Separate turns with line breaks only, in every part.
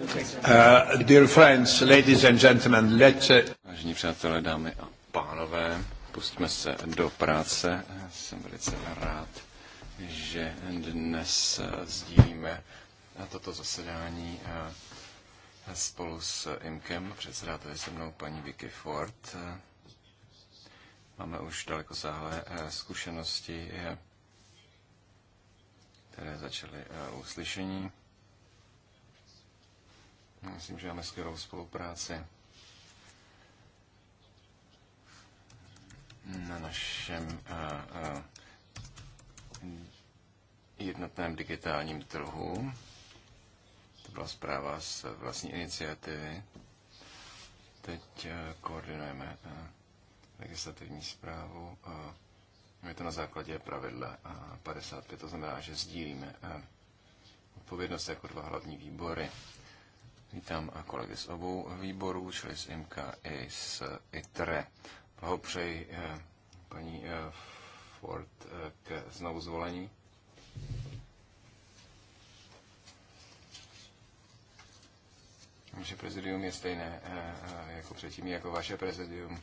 Uh, dear friends, ladies and gentlemen, let's... Uh, Vážení přátelé, dámy a pánové, pustíme se do práce. Jsem velice rád, že dnes uh, sdílíme uh, toto zasedání spolu s Imkem. Předsedáte tady se mnou paní Vicky Ford. Máme už daleko záhlé zkušenosti, které začaly uslyšení Myslím, že máme skvělou spolupráci na našem a, eh, a, eh, jednotném digitálním trhu. To byla zpráva z vlastní iniciativy. Teď eh, koordinujeme legislativní zprávu. Je to na základě pravidla 55, to znamená, že sdílíme odpovědnost jako dva hlavní výbory. Vítám a kolegy z obou výborů, čili z IMKA i z ITRE. Blahopřeji eh, paní eh, Ford eh, k znovu zvolení. Vaše prezidium je stejné jako předtím, jako vaše prezidium.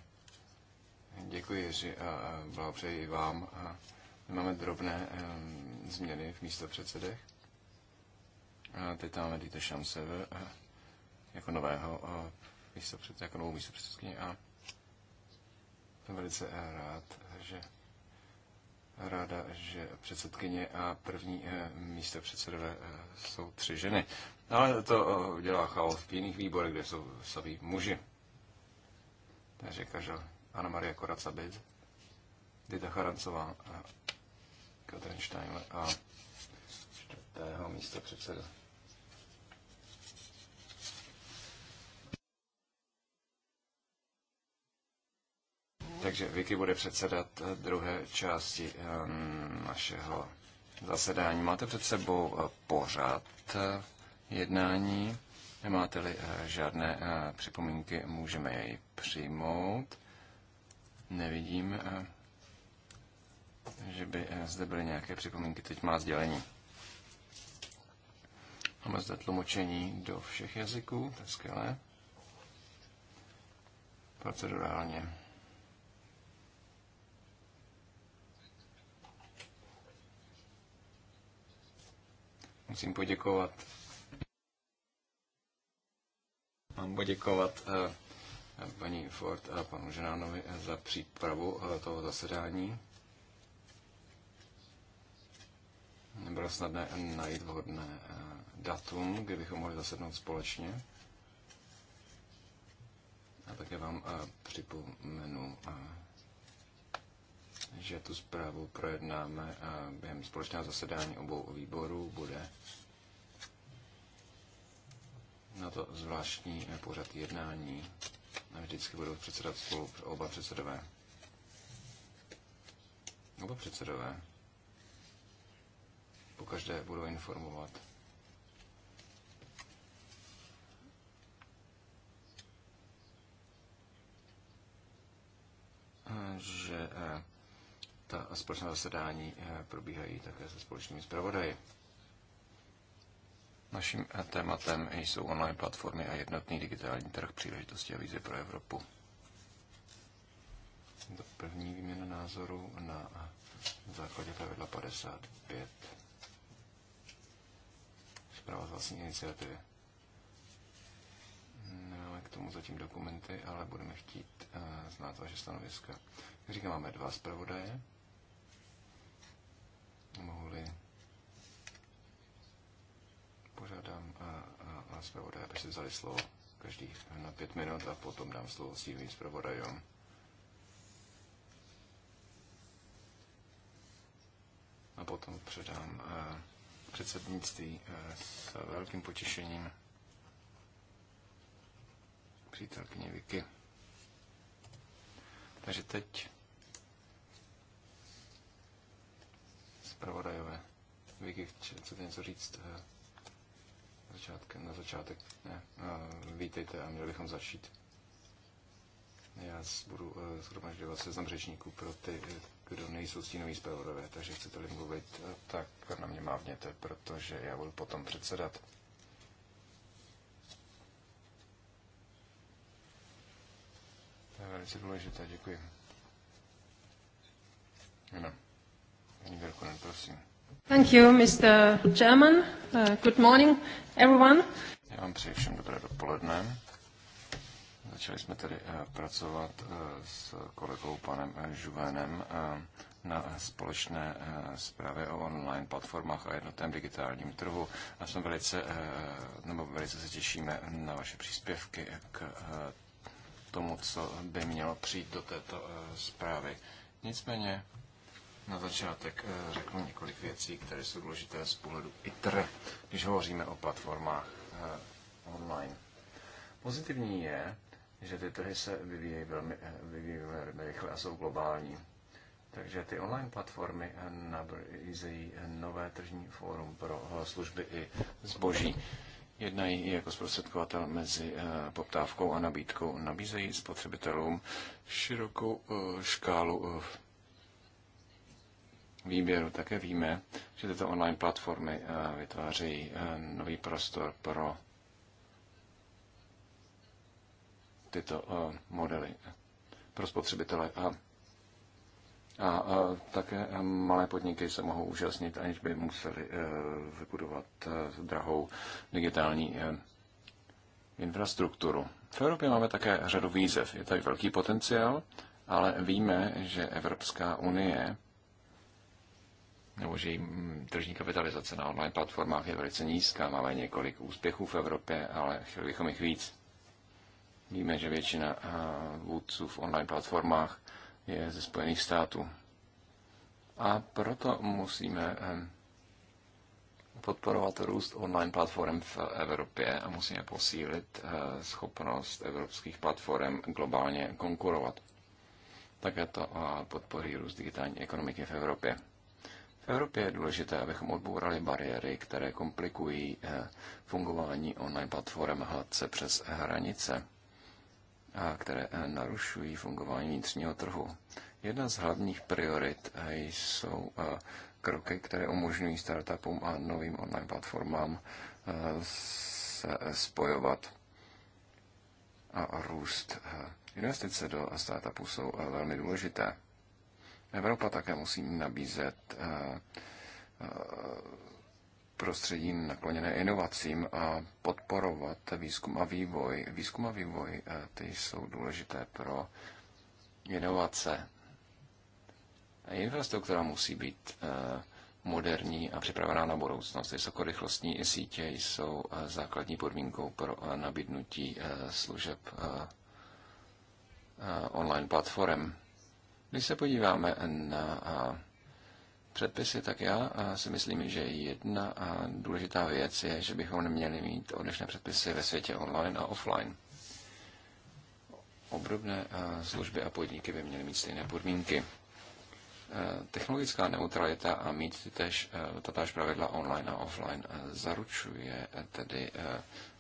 Děkuji, že a blahopřeji vám. Máme drobné změny v místo předsedech. A teď máme Dieter Schamsever jako nového eh, místo před, jako novou místo a jsem velice eh, rád, že ráda, že předsedkyně a první eh, místo předsedové jsou tři ženy. Ale to dělá chaos v jiných výborech, kde jsou samý muži. Takže každá Anna Maria Koracabit, Dita Charancová a Katrin Steinle a čtvrtého místo předsedové. Takže Vicky bude předsedat druhé části ehm, našeho zasedání. Máte před sebou eh, pořád eh, jednání. Nemáte-li eh, žádné připomínky, můžeme jej přijmout. Nevidím, že by zde byly nějaké připomínky. Teď má sdělení. Máme zde tlumočení do všech jazyků, to je skvělé. Procedurálně. Musím poděkovat. Mám poděkovat eh, paní Ford a panu Ženánovi eh, za přípravu eh, toho zasedání. Nebylo snadné najít vhodné datum, kdy bychom mohli zasednout společně. A také vám připomenu že tu zprávu projednáme během společného zasedání obou výborů. Bude na to zvláštní pořad jednání. A vždycky budou předsedat spolu oba předsedové. Oba předsedové. Pokaždé budou informovat. že eh, ta společná zasedání eh, probíhají také se společnými zpravodaji. Naším eh, tématem jsou online platformy a jednotný digitální trh příležitosti a výzvy pro Evropu. Do první výměna názoru na eh, základě pravidla 55. Zpráva z vlastní iniciativy. Nemáme k tomu zatím dokumenty, ale budeme chtít znát vaše stanoviska. Jak říkám, máme dva zpravodaje mohli. Požádám a, a, a zpravodaje, aby si vzali slovo každý na pět minut a potom dám slovo tím zpravodajům. A potom předám a, předsednictví a, s velkým potěšením přítelkyně Vicky. Takže teď zpravodajové. Vicky, chcete něco říct? Eh, začátkem, na začátek. Ne, no, vítejte a měli bychom začít. Já budu zhromažďovat eh, seznam řečníků pro ty, eh, kdo nejsou stínoví zpravodajové, takže chcete-li mluvit, tak na mě mávněte, protože já budu potom předsedat. To je velice důležité, děkuji. Jenom.
Thank you, Mr. Chairman. Uh, good morning, everyone. Já
vám přeji všem dobré dopoledne. Začali jsme tedy eh, pracovat eh, s kolegou panem eh, Žuvenem na společné zprávě o online platformách a jednotném digitálním trhu. A jsme velice, nebo velice se těšíme na vaše příspěvky k tomu, co by mělo přijít do této zprávy. Nicméně na začátek eh, řeknu několik věcí, které jsou důležité z pohledu ITRE, když hovoříme o platformách eh, online. Pozitivní je, že ty trhy se vyvíjejí velmi, eh, vyvíjí velmi rychle a jsou globální. Takže ty online platformy nabízejí nové tržní fórum pro služby i zboží. Jednají jako zprostředkovatel mezi poptávkou a nabídkou. Nabízejí spotřebitelům širokou škálu výběru. Také víme, že tyto online platformy eh, vytvářejí eh, nový prostor pro tyto eh, modely pro spotřebitele a a, také malé podniky se mohou účastnit, aniž by museli vybudovat drahou digitální infrastrukturu. V Evropě máme také řadu výzev. Je tady velký potenciál, ale víme, že Evropská unie nebo že jim tržní kapitalizace na online platformách je velice nízká. Máme několik úspěchů v Evropě, ale chtěli bychom jich víc. Víme, že většina eh, vůdců v online platformách je ze Spojených států. A proto musíme eh, podporovat růst online platform v Evropě a musíme posílit eh, schopnost evropských platform globálně konkurovat. Také to podpoří růst digitální ekonomiky v Evropě. Evropě je důležité, abychom odbourali bariéry, které komplikují eh, fungování online platform hladce přes hranice a které eh, narušují fungování vnitřního trhu. Jedna z hlavních priorit eh, jsou kroky, které umožňují startupům a novým online platformám se spojovat a růst. Investice do startupů jsou velmi důležité. Evropa také musí nabízet eh, eh, prostředí nakloněné inovacím a podporovat výzkum a vývoj. Výzkum a vývoj eh, ty jsou důležité pro inovace. Infrastruktura musí být moderní a připravená na budoucnost. Vysokorychlostní sítě jsou základní podmínkou pro nabídnutí služeb online platform. Když se podíváme na předpisy, tak já si myslím, že jedna důležitá věc je, že bychom neměli mít odlišné předpisy ve světě online a offline. Obrobné služby a podniky by měly mít stejné podmínky. E, technologická neutralita a mít tytež, e, tatáž pravidla online a offline e, zaručuje tedy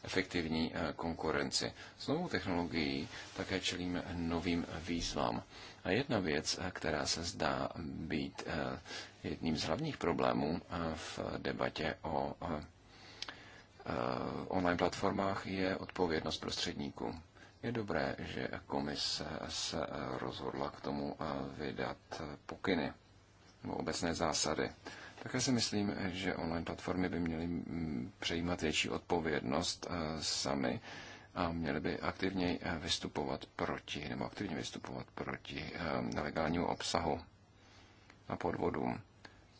efektivní eh, konkurenci. S novou technologií také čelíme novým výzvám. A jedna věc, eh, která se zdá být eh, jedním z hlavních problémů v debatě o online platformách, je odpovědnost prostředníků. Je dobré, že komise se rozhodla k tomu vydat pokyny nebo obecné zásady. Také si myslím, že online platformy by měly mm, přejímat větší odpovědnost eh, sami a měly by aktivně eh, vystupovat proti, nebo aktivně vystupovat proti eh, nelegálnímu obsahu a podvodům.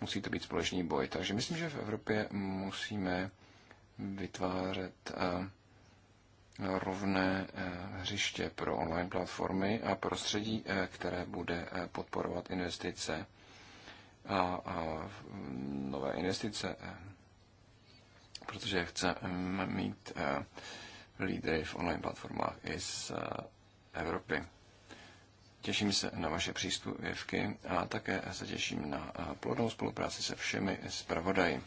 Musí to být společný boj. Takže myslím, že v Evropě musíme vytvářet rovné hřiště pro online platformy a prostředí, které bude podporovat investice a, a nové investice, eh, protože chceme mm, mít eh, lídry v online platformách i z eh, Evropy. Těším se na vaše příspěvky a také se těším na plodnou spolupráci se všemi zpravodaji.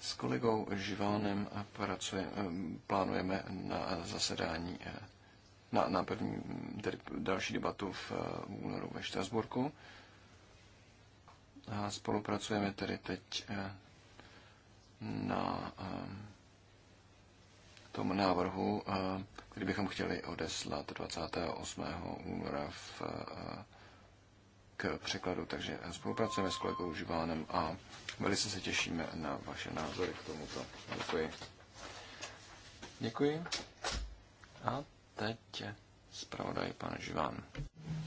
S kolegou Živánem pracujeme, plánujeme na zasedání na, na první, tedy další debatu eh, v únoru ve Štrasburku. A spolupracujeme tedy teď eh, na eh, tom návrhu, který bychom chtěli odeslat 28. února v, k překladu. Takže spolupracujeme s kolegou Živánem a velice se těšíme na vaše názory k tomuto. Děkuji. Děkuji. A teď
zpravodaj pan Živán.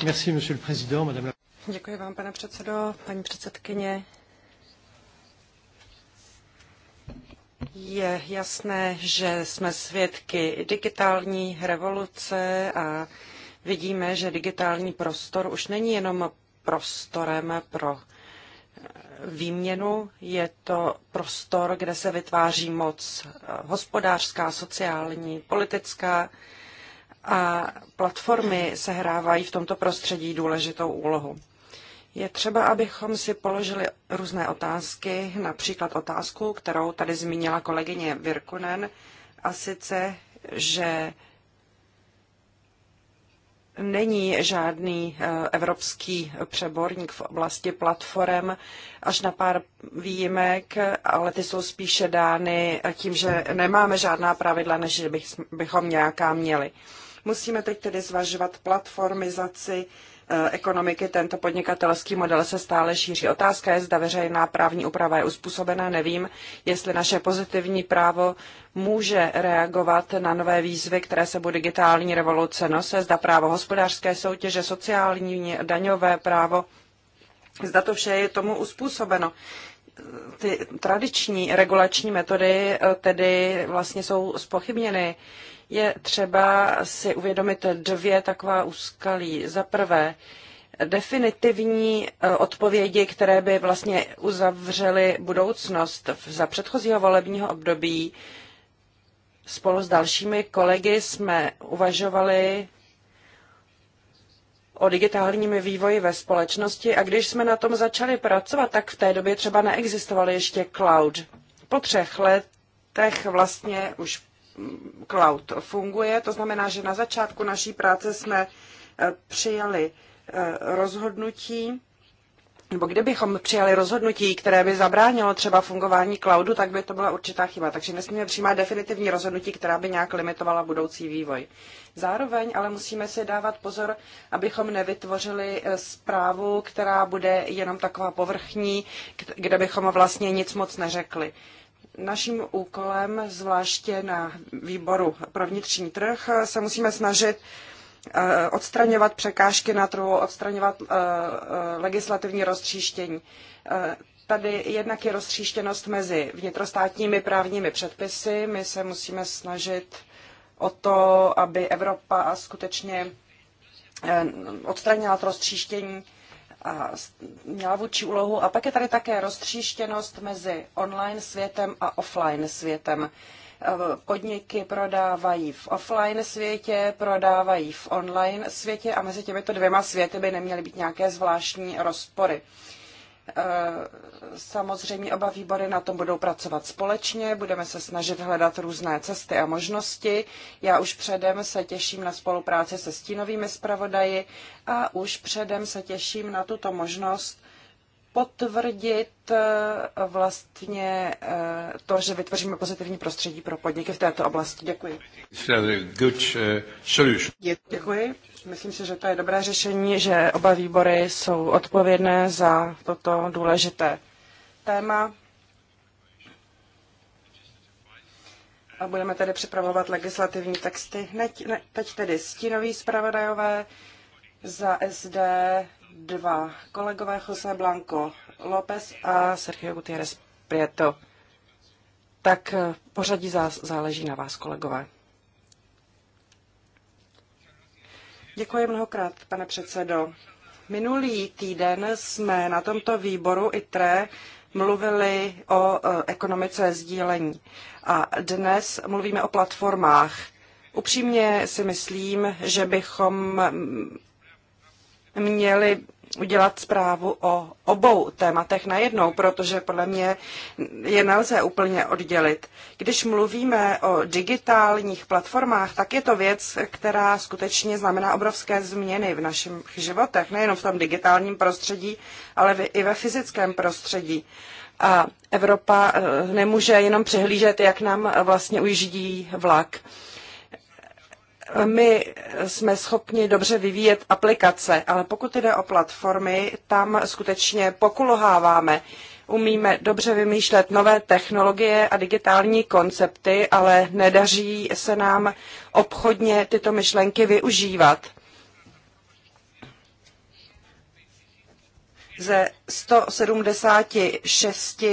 Merci, monsieur le président, madame la...
Děkuji vám, pane předsedo, paní předsedkyně. Je jasné, že jsme svědky digitální revoluce a vidíme, že digitální prostor už není jenom prostorem pro výměnu. Je to prostor, kde se vytváří moc hospodářská, sociální, politická a platformy sehrávají v tomto prostředí důležitou úlohu. Je třeba, abychom si položili různé otázky, například otázku, kterou tady zmínila kolegyně Virkunen, a sice, že není žádný eh, evropský přeborník v oblasti platform, až na pár výjimek, ale ty jsou spíše dány tím, že nemáme žádná pravidla, než bychom nějaká měli. Musíme teď tedy zvažovat platformizaci eh, ekonomiky. Tento podnikatelský model se stále šíří. Otázka je, zda veřejná právní úprava je uspůsobená. Nevím, jestli naše pozitivní právo může reagovat na nové výzvy, které se bude digitální revoluce nose, zda právo hospodářské soutěže, sociální, daňové právo, zda to vše je tomu uspůsobeno ty tradiční regulační metody eh, tedy vlastně jsou spochybněny je třeba si uvědomit dvě taková úskalí. Za prvé, definitivní eh, odpovědi, které by vlastně uzavřely budoucnost za předchozího volebního období. Spolu s dalšími kolegy jsme uvažovali o digitálním vývoji ve společnosti a když jsme na tom začali pracovat, tak v té době třeba neexistoval ještě cloud. Po třech letech vlastně už cloud funguje. To znamená, že na začátku naší práce jsme eh, přijali eh, rozhodnutí, nebo kdybychom přijali rozhodnutí, které by zabránilo třeba fungování cloudu, tak by to byla určitá chyba. Takže nesmíme přijímat definitivní rozhodnutí, která by nějak limitovala budoucí vývoj. Zároveň ale musíme si dávat pozor, abychom nevytvořili eh, zprávu, která bude jenom taková povrchní, kde bychom vlastně nic moc neřekli. Naším úkolem, zvláště na výboru pro vnitřní trh, se musíme snažit eh, odstraňovat překážky na trhu, odstraňovat eh, eh, legislativní roztříštění. Tady jednak je roztříštěnost mezi vnitrostátními právními předpisy. My se musíme snažit o to, aby Evropa skutečně odstranila to roztříštění a měla vůči úlohu. A pak je tady také roztříštěnost mezi online světem a offline světem. E, podniky prodávají v offline světě, prodávají v online světě a mezi těmito dvěma světy by neměly být nějaké zvláštní rozpory. Eh, samozřejmě oba výbory na tom budou pracovat společně, budeme se snažit hledat různé cesty a možnosti. Já už předem se těším na spolupráci se stínovými zpravodaji a už předem se těším na tuto možnost potvrdit eh, vlastně eh, to, že vytvoříme pozitivní prostředí pro podniky v této oblasti. Eh, Děkuji. Děkuji. Myslím si, že to je dobré řešení, že oba výbory jsou odpovědné za toto důležité téma. A budeme tedy připravovat legislativní texty. Teď tedy stínoví zpravodajové za SD dva kolegové Jose Blanco López a Sergio Gutiérrez Prieto. Tak eh, pořadí zás, záleží na vás, kolegové. Děkuji mnohokrát, pane předsedo. Minulý týden jsme na tomto výboru ITRE mluvili o eh, ekonomice sdílení a dnes mluvíme o platformách. Upřímně si myslím, že bychom mm, měli udělat zprávu o obou tématech najednou, protože podle mě je nelze úplně oddělit. Když mluvíme o digitálních platformách, tak je to věc, která skutečně znamená obrovské změny v našich životech, nejenom v tom digitálním prostředí, ale i ve fyzickém prostředí. A Evropa eh, nemůže jenom přehlížet, jak nám vlastně ujíždí vlak my jsme schopni dobře vyvíjet aplikace, ale pokud jde o platformy, tam skutečně pokulháváme. Umíme dobře vymýšlet nové technologie a digitální koncepty, ale nedaří se nám obchodně tyto myšlenky využívat. Ze 176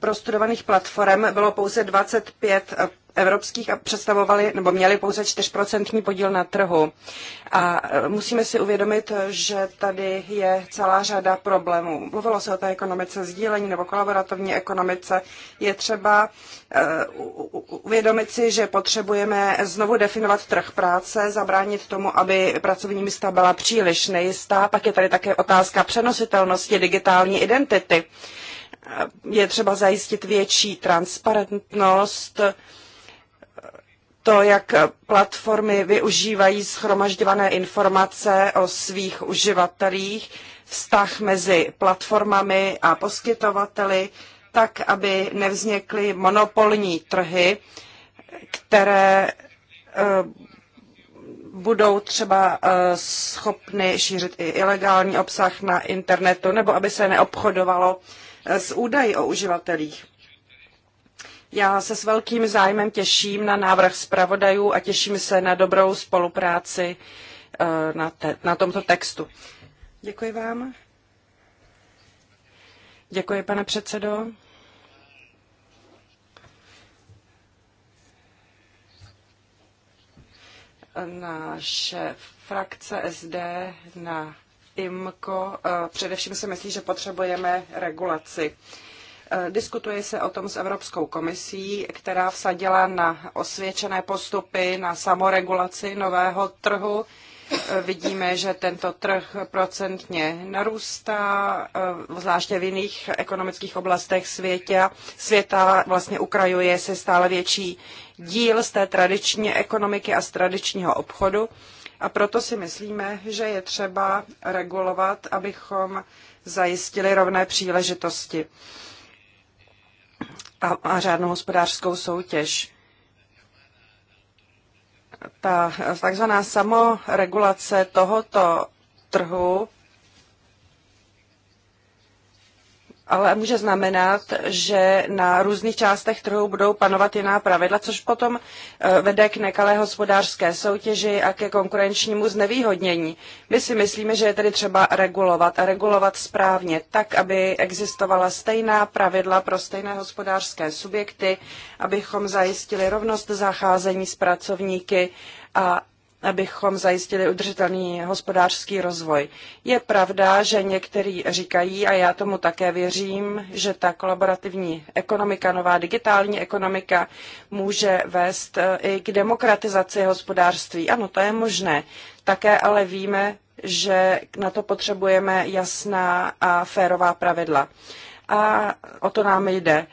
prostudovaných platform bylo pouze 25 evropských a představovali nebo měli pouze 4% podíl na trhu. A e, musíme si uvědomit, že tady je celá řada problémů. Mluvilo se o té ekonomice sdílení nebo kolaborativní ekonomice. Je třeba e, uvědomit si, že potřebujeme znovu definovat trh práce, zabránit tomu, aby pracovní místa byla příliš nejistá. Pak je tady také otázka přenositelnosti digitální identity e, je třeba zajistit větší transparentnost to, jak platformy využívají schromažďované informace o svých uživatelích, vztah mezi platformami a poskytovateli, tak, aby nevznikly monopolní trhy, které eh, budou třeba eh, schopny šířit i ilegální obsah na internetu, nebo aby se neobchodovalo eh, s údaji o uživatelích. Já se s velkým zájmem těším na návrh zpravodajů a těším se na dobrou spolupráci eh, na, te, na tomto textu. Děkuji vám. Děkuji, pane předsedo. Naše frakce SD na IMCO eh, především si myslí, že potřebujeme regulaci. Eh, diskutuje se o tom s Evropskou komisí, která vsadila na osvědčené postupy, na samoregulaci nového trhu. Eh, vidíme, že tento trh procentně narůstá, eh, zvláště v jiných ekonomických oblastech světa. Světa vlastně ukrajuje se stále větší díl z té tradiční ekonomiky a z tradičního obchodu. A proto si myslíme, že je třeba regulovat, abychom zajistili rovné příležitosti a, a řádnou hospodářskou soutěž. Ta takzvaná samoregulace tohoto trhu ale může znamenat, že na různých částech trhu budou panovat jiná pravidla, což potom eh, vede k nekalé hospodářské soutěži a ke konkurenčnímu znevýhodnění. My si myslíme, že je tedy třeba regulovat a regulovat správně tak, aby existovala stejná pravidla pro stejné hospodářské subjekty, abychom zajistili rovnost zacházení s pracovníky a abychom zajistili udržitelný hospodářský rozvoj. Je pravda, že někteří říkají, a já tomu také věřím, že ta kolaborativní ekonomika, nová digitální ekonomika může vést eh, i k demokratizaci hospodářství. Ano, to je možné. Také ale víme, že na to potřebujeme jasná a férová pravidla. A o to nám jde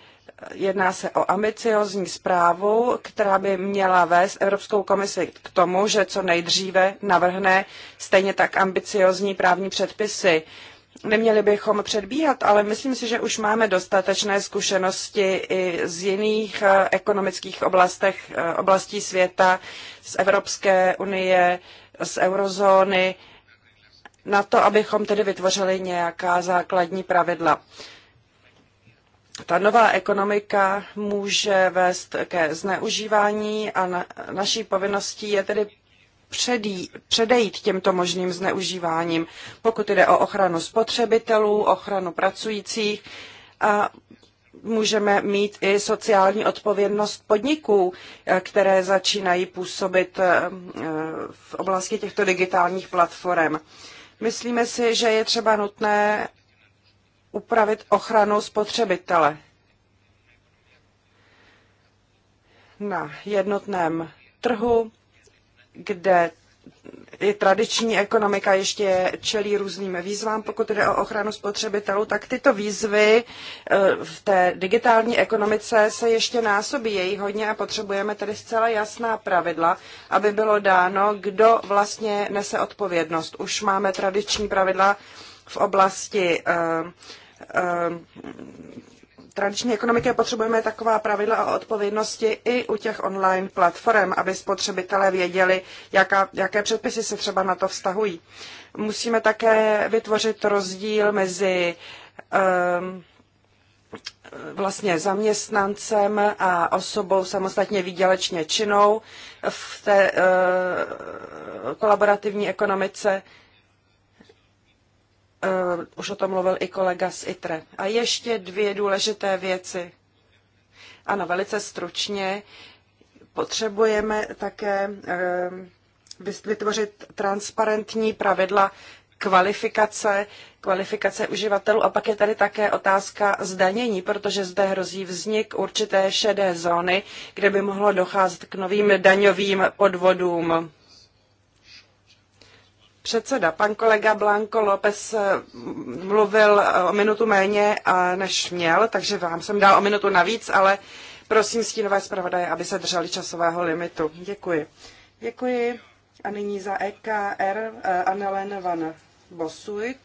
jedná se o ambiciozní zprávu, která by měla vést Evropskou komisi k tomu, že co nejdříve navrhne stejně tak ambiciozní právní předpisy. Neměli bychom předbíhat, ale myslím si, že už máme dostatečné zkušenosti i z jiných eh, ekonomických oblastech, eh, oblastí světa, z Evropské unie, z eurozóny, na to, abychom tedy vytvořili nějaká základní pravidla ta nová ekonomika může vést ke zneužívání a na, naší povinností je tedy předí, předejít těmto možným zneužíváním, pokud jde o ochranu spotřebitelů, ochranu pracujících a můžeme mít i sociální odpovědnost podniků, které začínají působit eh, v oblasti těchto digitálních platform. Myslíme si, že je třeba nutné upravit ochranu spotřebitele. Na jednotném trhu, kde i tradiční ekonomika ještě čelí různým výzvám, pokud jde o ochranu spotřebitelů, tak tyto výzvy eh, v té digitální ekonomice se ještě násobí její hodně a potřebujeme tedy zcela jasná pravidla, aby bylo dáno, kdo vlastně nese odpovědnost. Už máme tradiční pravidla v oblasti eh, Eh, tradiční ekonomiky potřebujeme taková pravidla o odpovědnosti i u těch online platform, aby spotřebitelé věděli, jaká, jaké předpisy se třeba na to vztahují. Musíme také vytvořit rozdíl mezi um, vlastně zaměstnancem a osobou samostatně výdělečně činnou v té uh, kolaborativní ekonomice. Uh, Uh, už o tom mluvil i kolega z ITRE. A ještě dvě důležité věci. Ano, velice stručně. Potřebujeme také uh, vytvořit transparentní pravidla kvalifikace, kvalifikace uživatelů. A pak je tady také otázka zdanění, protože zde hrozí vznik určité šedé zóny, kde by mohlo docházet k novým daňovým podvodům předseda. Pan kolega Blanco López eh, mluvil eh, o minutu méně, eh, než měl, takže vám jsem dal o minutu navíc, ale prosím stínové zpravodaje, aby se drželi časového limitu. Děkuji. Děkuji. A nyní za EKR Annelen van Bosuit.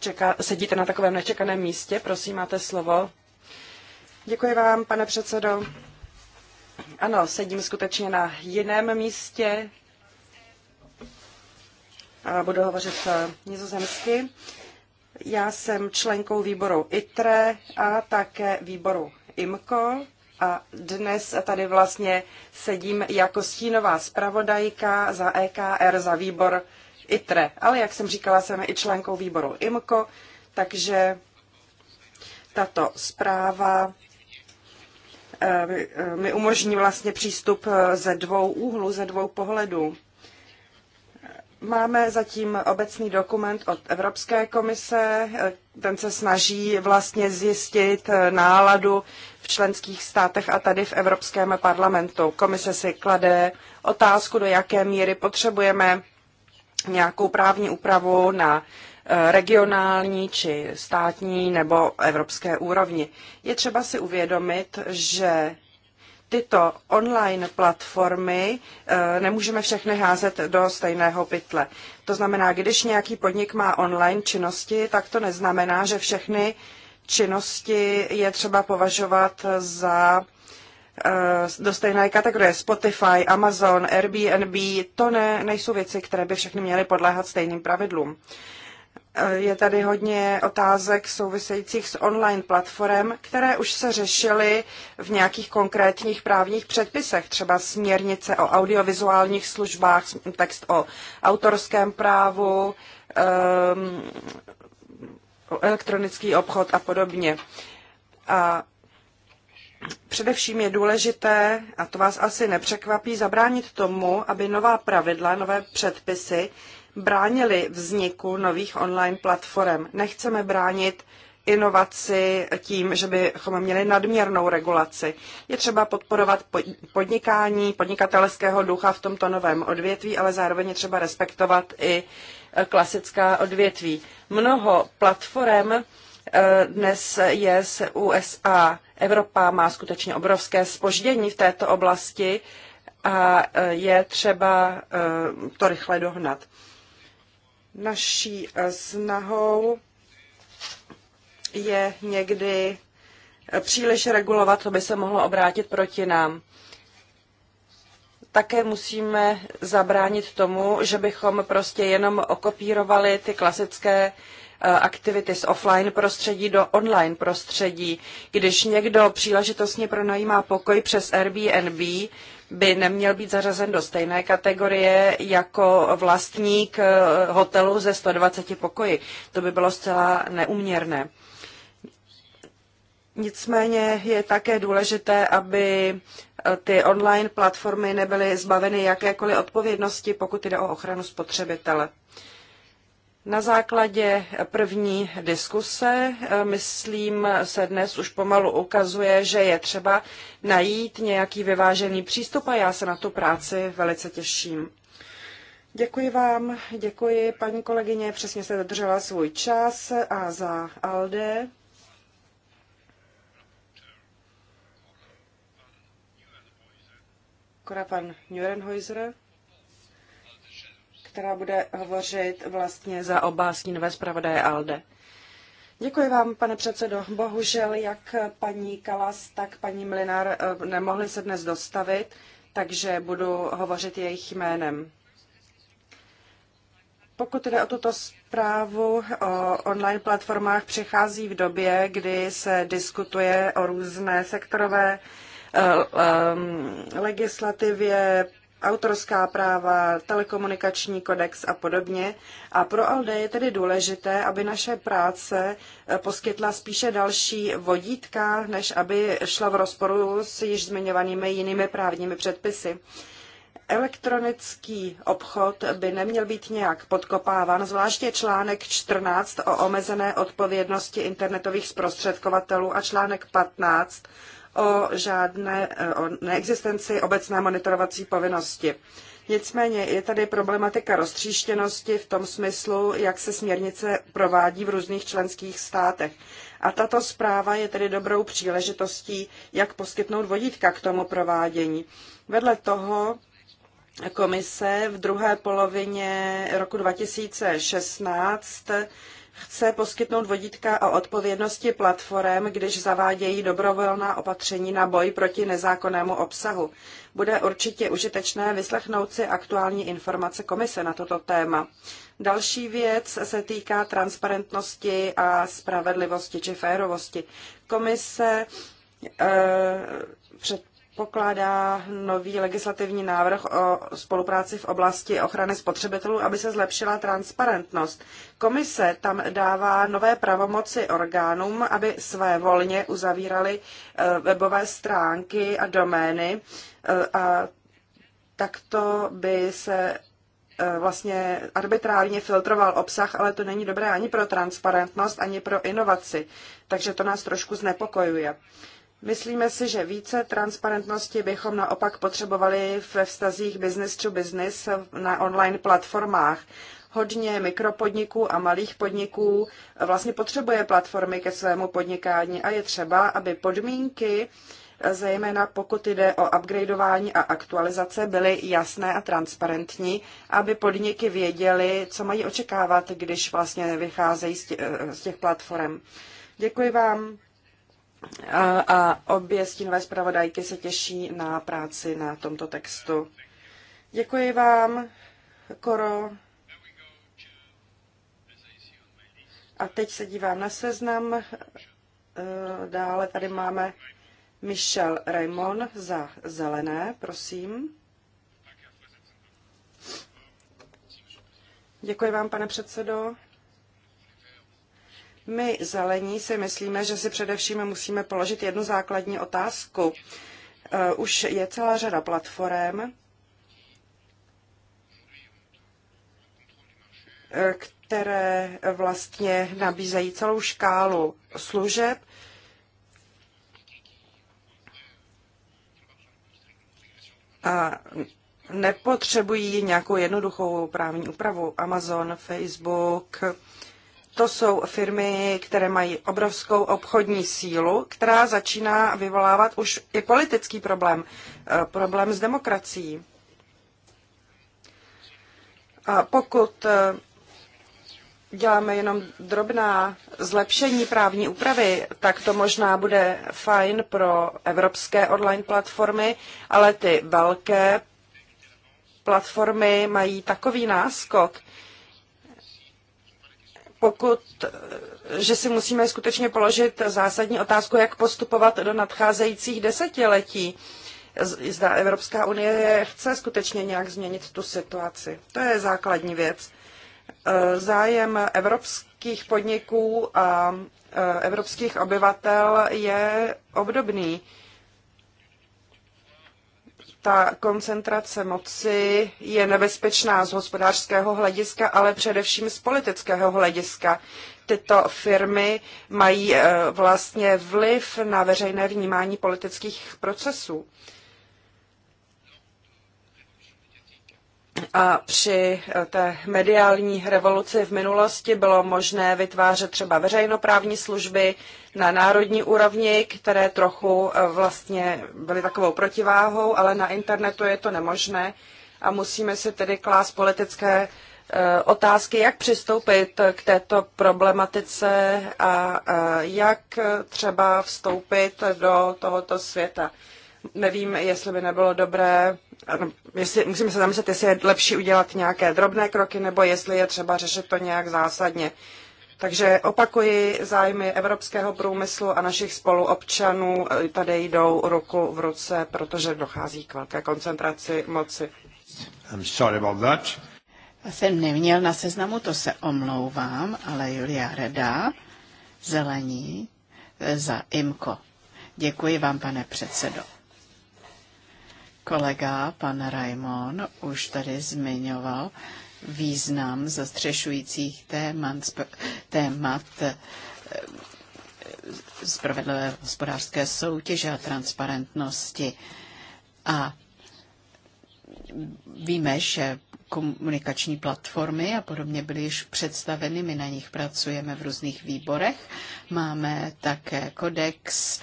Čeká, sedíte na takovém nečekaném místě, prosím, máte slovo. Děkuji vám, pane předsedo. Ano, sedím skutečně na jiném místě, a budu hovořit eh, nizozemsky. Já jsem členkou výboru ITRE a také výboru IMCO a dnes tady vlastně sedím jako stínová zpravodajka za EKR, za výbor ITRE. Ale jak jsem říkala, jsem i členkou výboru IMCO, takže tato zpráva eh, eh, mi umožní vlastně přístup ze dvou úhlů, ze dvou pohledů. Máme zatím obecný dokument od Evropské komise, ten se snaží vlastně zjistit náladu v členských státech a tady v Evropském parlamentu. Komise si klade otázku, do jaké míry potřebujeme nějakou právní úpravu na eh, regionální či státní nebo evropské úrovni. Je třeba si uvědomit, že tyto online platformy eh, nemůžeme všechny házet do stejného pytle. To znamená, když nějaký podnik má online činnosti, tak to neznamená, že všechny činnosti je třeba považovat za eh, do stejné kategorie Spotify, Amazon, Airbnb, to ne, nejsou věci, které by všechny měly podléhat stejným pravidlům. Eh, je tady hodně otázek souvisejících s online platformem, které už se řešily v nějakých konkrétních právních předpisech, třeba směrnice o audiovizuálních službách, text o autorském právu, ehm, elektronický obchod a podobně. A Především je důležité, a to vás asi nepřekvapí, zabránit tomu, aby nová pravidla, nové předpisy bránili vzniku nových online platform. Nechceme bránit inovaci tím, že bychom měli nadměrnou regulaci. Je třeba podporovat podnikání, podnikatelského ducha v tomto novém odvětví, ale zároveň je třeba respektovat i e, klasická odvětví. Mnoho platform e, dnes je z USA. Evropa má skutečně obrovské spoždění v této oblasti a e, je třeba to rychle dohnat. Naší eh, snahou je někdy eh, příliš regulovat, co by se mohlo obrátit proti nám. Také musíme zabránit tomu, že bychom prostě jenom okopírovali ty klasické eh, aktivity z offline prostředí do online prostředí. Když někdo příležitostně pronajímá pokoj přes Airbnb, by neměl být zařazen do stejné kategorie jako vlastník eh, hotelu ze 120 pokoji. To by bylo zcela neuměrné. Nicméně je také důležité, aby eh, ty online platformy nebyly zbaveny jakékoliv odpovědnosti, pokud jde o ochranu spotřebitele. Na základě první diskuse, eh, myslím, se dnes už pomalu ukazuje, že je třeba najít nějaký vyvážený přístup a já se na tu práci velice těším. Děkuji vám, děkuji paní kolegyně, přesně se dodržela svůj čas a za Alde. Kora pan Nurenhäuser která bude hovořit vlastně za oba stínové zpravodaje ALDE. Děkuji vám, pane předsedo. Bohužel, jak paní Kalas, tak paní Mlinar eh, nemohli se dnes dostavit, takže budu hovořit jejich jménem. Pokud jde o tuto zprávu o online platformách, přichází v době, kdy se diskutuje o různé sektorové eh, eh, legislativě, autorská práva, telekomunikační kodex a podobně. A pro ALDE je tedy důležité, aby naše práce eh, poskytla spíše další vodítka, než aby šla v rozporu s již zmiňovanými jinými právními předpisy. Elektronický obchod by neměl být nějak podkopáván, zvláště článek 14 o omezené odpovědnosti internetových zprostředkovatelů a článek 15 o žádné, o neexistenci obecné monitorovací povinnosti. Nicméně je tady problematika roztříštěnosti v tom smyslu, jak se směrnice provádí v různých členských státech. A tato zpráva je tedy dobrou příležitostí, jak poskytnout vodítka k tomu provádění. Vedle toho komise v druhé polovině roku 2016 chce poskytnout vodítka o odpovědnosti platform, když zavádějí dobrovolná opatření na boj proti nezákonnému obsahu. Bude určitě užitečné vyslechnout si aktuální informace komise na toto téma. Další věc se týká transparentnosti a spravedlivosti či férovosti. Komise e, před předpokládá nový legislativní návrh o spolupráci v oblasti ochrany spotřebitelů, aby se zlepšila transparentnost. Komise tam dává nové pravomoci orgánům, aby své volně uzavírali eh, webové stránky a domény eh, a takto by se eh, vlastně arbitrárně filtroval obsah, ale to není dobré ani pro transparentnost, ani pro inovaci. Takže to nás trošku znepokojuje. Myslíme si, že více transparentnosti bychom naopak potřebovali ve vztazích business to business na online platformách. Hodně mikropodniků a malých podniků vlastně potřebuje platformy ke svému podnikání a je třeba, aby podmínky, zejména pokud jde o upgradeování a aktualizace, byly jasné a transparentní, aby podniky věděly, co mají očekávat, když vlastně vycházejí z těch platform. Děkuji vám. A, a obě stínové zpravodajky se těší na práci na tomto textu. Děkuji vám, Koro. A teď se dívám na seznam. E, dále tady máme Michel Raymond za zelené, prosím. Děkuji vám, pane předsedo. My zelení si myslíme, že si především musíme položit jednu základní otázku. Eh, už je celá řada platform, eh, které vlastně nabízejí celou škálu služeb. A nepotřebují nějakou jednoduchou právní úpravu. Amazon, Facebook, to jsou firmy, které mají obrovskou obchodní sílu, která začíná vyvolávat už i politický problém, eh, problém s demokracií. A pokud eh, děláme jenom drobná zlepšení právní úpravy, tak to možná bude fajn pro evropské online platformy, ale ty velké platformy mají takový náskok, pokud, že si musíme skutečně položit zásadní otázku, jak postupovat do nadcházejících desetiletí. Zda Evropská unie chce skutečně nějak změnit tu situaci. To je základní věc. E, zájem evropských podniků a e, evropských obyvatel je obdobný ta koncentrace moci je nebezpečná z hospodářského hlediska, ale především z politického hlediska. Tyto firmy mají eh, vlastně vliv na veřejné vnímání politických procesů. a při eh, té mediální revoluci v minulosti bylo možné vytvářet třeba veřejnoprávní služby na národní úrovni, které trochu eh, vlastně byly takovou protiváhou, ale na internetu je to nemožné a musíme si tedy klást politické eh, otázky, jak přistoupit k této problematice a jak třeba vstoupit do tohoto světa. Nevím, jestli by nebylo dobré jestli, musíme se zamyslet, jestli je lepší udělat nějaké drobné kroky, nebo jestli je třeba řešit to nějak zásadně. Takže opakuji, zájmy evropského průmyslu a našich spoluobčanů e, tady jdou ruku v ruce, protože dochází k velké koncentraci moci. I'm sorry about that. Já jsem
neměl na seznamu, to se omlouvám, ale Julia Reda, zelení, e, za IMKO. Děkuji vám, pane předsedo. Kolega, pan Raimon, už tady zmiňoval význam zastřešujících témat, témat eh, spravedlivé hospodářské soutěže a transparentnosti. A Víme, že komunikační platformy a podobně byly již představeny, my na nich pracujeme v různých výborech. Máme také kodex,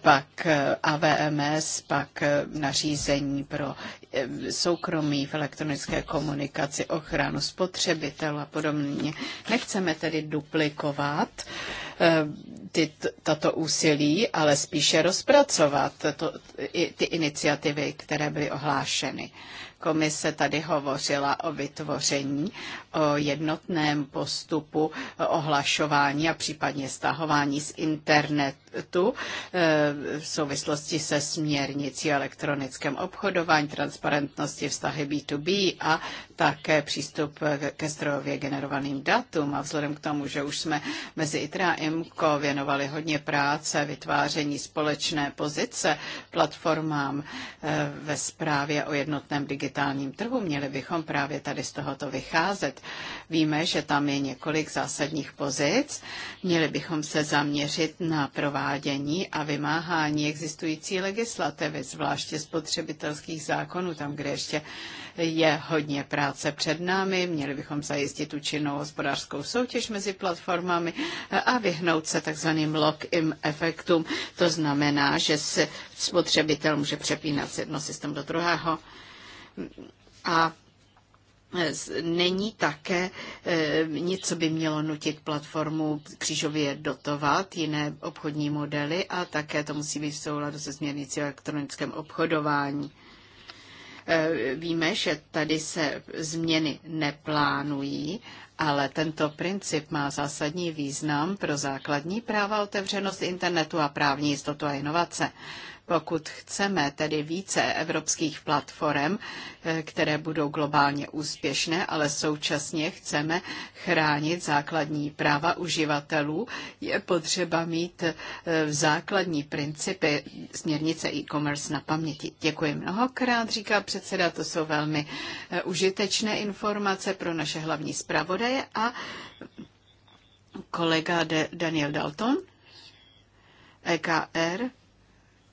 pak AVMS, pak nařízení pro eh, soukromí v elektronické komunikaci, ochranu spotřebitelů a podobně. Nechceme tedy duplikovat eh, ty, tato úsilí, ale spíše rozpracovat to, ty iniciativy, které byly ohlášeny. Komise tady hovořila o vytvoření, o jednotném postupu ohlašování a případně stahování z internetu eh, v souvislosti se směrnicí o elektronickém obchodování, transparentnosti vztahy B2B a také přístup ke strojově generovaným datům. A vzhledem k tomu, že už jsme mezi ITRA a IMCO věnovali hodně práce vytváření společné pozice platformám eh, ve zprávě o jednotném digitálním digitálním trhu. Měli bychom právě tady z tohoto vycházet. Víme, že tam je několik zásadních pozic. Měli bychom se zaměřit na provádění a vymáhání existující legislativy, zvláště spotřebitelských zákonů, tam, kde ještě je hodně práce před námi. Měli bychom zajistit účinnou hospodářskou soutěž mezi platformami a vyhnout se takzvaným lock-in efektům. To znamená, že se spotřebitel může přepínat z jednoho systému do druhého. A Není také eh, nic, co by mělo nutit platformu křížově dotovat jiné obchodní modely a také to musí být v souladu se směrnicí o elektronickém obchodování. Eh, víme, že tady se změny neplánují, ale tento princip má zásadní význam pro základní práva, otevřenost internetu a právní jistotu a inovace. Pokud chceme tedy více evropských platform, eh, které budou globálně úspěšné, ale současně chceme chránit základní práva uživatelů, je potřeba mít v eh, základní principy směrnice e-commerce na paměti. Děkuji mnohokrát, říká předseda, to jsou velmi eh, užitečné informace pro naše hlavní zpravodaje a kolega Daniel Dalton, EKR,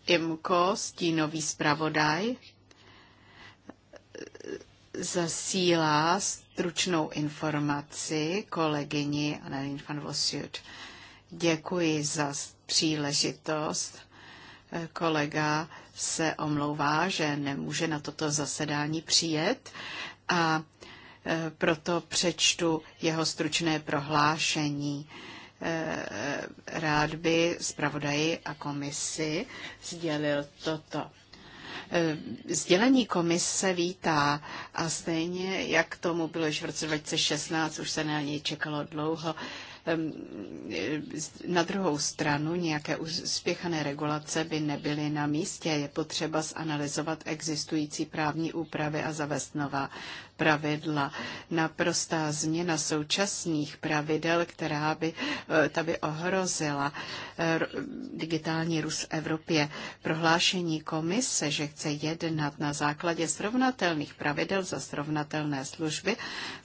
Imko, stínový zpravodaj, zasílá stručnou informaci kolegyni Annelien van Vosjud. Děkuji za příležitost. Kolega se omlouvá, že nemůže na toto zasedání přijet a e, proto přečtu jeho stručné prohlášení. Eh, rád by zpravodaji a komisi sdělil toto. Eh, sdělení komise vítá a stejně jak tomu bylo již v roce 2016, už se na něj čekalo dlouho, ehm, eh, na druhou stranu nějaké uspěchané regulace by nebyly na místě. Je potřeba zanalizovat existující právní úpravy a zavést nová pravidla. Naprostá změna současných pravidel, která by, eh, ta by ohrozila eh, digitální Rus v Evropě. Prohlášení komise, že chce jednat na základě srovnatelných pravidel za srovnatelné služby,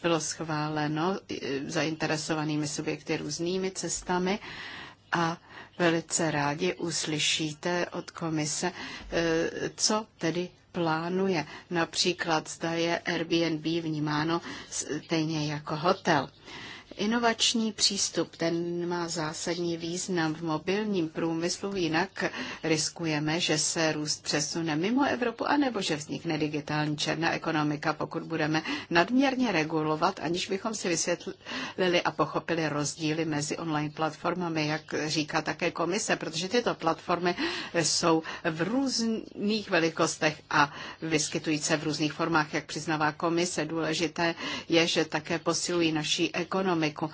bylo schváleno eh, zainteresovanými subjekty různými cestami a velice rádi uslyšíte od komise, co tedy plánuje. Například zda je Airbnb vnímáno stejně jako hotel. Uh, Inovační přístup, ten má zásadní význam v mobilním průmyslu, jinak riskujeme, že se růst přesune mimo Evropu, anebo že vznikne digitální černá ekonomika, pokud budeme nadměrně regulovat, aniž bychom si vysvětlili a pochopili rozdíly mezi online platformami, jak říká také komise, protože tyto platformy jsou v různých velikostech a vyskytují se v různých formách, jak přiznává komise. Důležité je, že také posilují naší ekonomiku ekonomiku.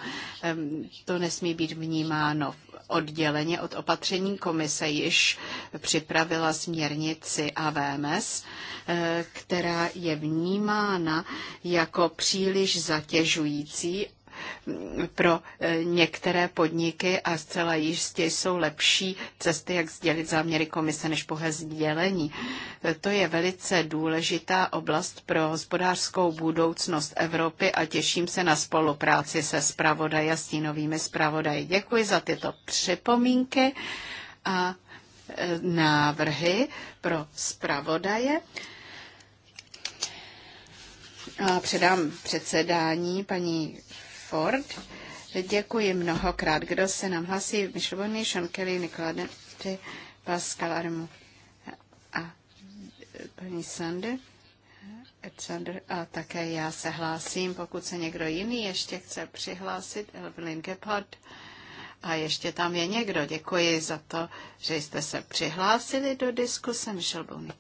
To nesmí být vnímáno odděleně od opatření. Komise již připravila směrnici AVMS, eh, která je vnímána jako příliš zatěžující pro e, některé podniky a zcela jistě jsou lepší cesty, jak sdělit záměry komise, než pouhé sdělení. E, to je velice důležitá oblast pro hospodářskou budoucnost Evropy a těším se na spolupráci se zpravodaji a stínovými zpravodaji. Děkuji za tyto připomínky a e, návrhy pro zpravodaje. A předám předsedání paní Ford. Děkuji mnohokrát. Kdo se nám hlasí? Michel Bonny, Sean Kelly, Nikola Dente, Pascal Armu a paní Sander. a také já se hlásím, pokud se někdo jiný ještě chce přihlásit, Evelyn Gephardt. A ještě tam je někdo. Děkuji za to, že jste se přihlásili do diskuse, Michel Bony.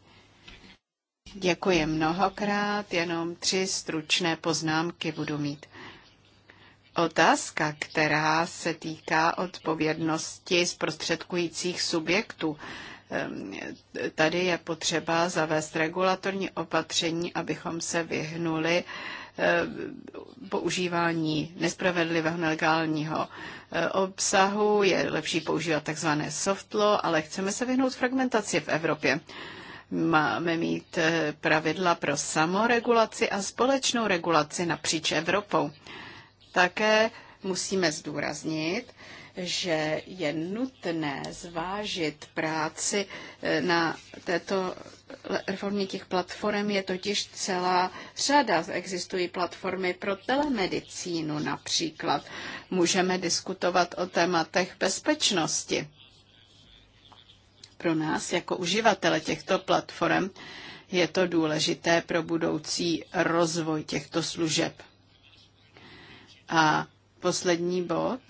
Děkuji mnohokrát, jenom tři stručné poznámky budu mít otázka, která se týká odpovědnosti zprostředkujících subjektů. Ehm, tady je potřeba zavést regulatorní opatření, abychom se vyhnuli ehm, používání nespravedlivého nelegálního eh, obsahu. Je lepší používat takzvané softlo, ale chceme se vyhnout fragmentaci v Evropě. Máme mít eh, pravidla pro samoregulaci a společnou regulaci napříč Evropou. Také musíme zdůraznit, že je nutné zvážit práci eh, na této reformě těch platform je totiž celá řada. Existují platformy pro telemedicínu například. Můžeme diskutovat o tématech bezpečnosti. Pro nás jako uživatele těchto platform je to důležité pro budoucí rozvoj těchto služeb. A poslední bod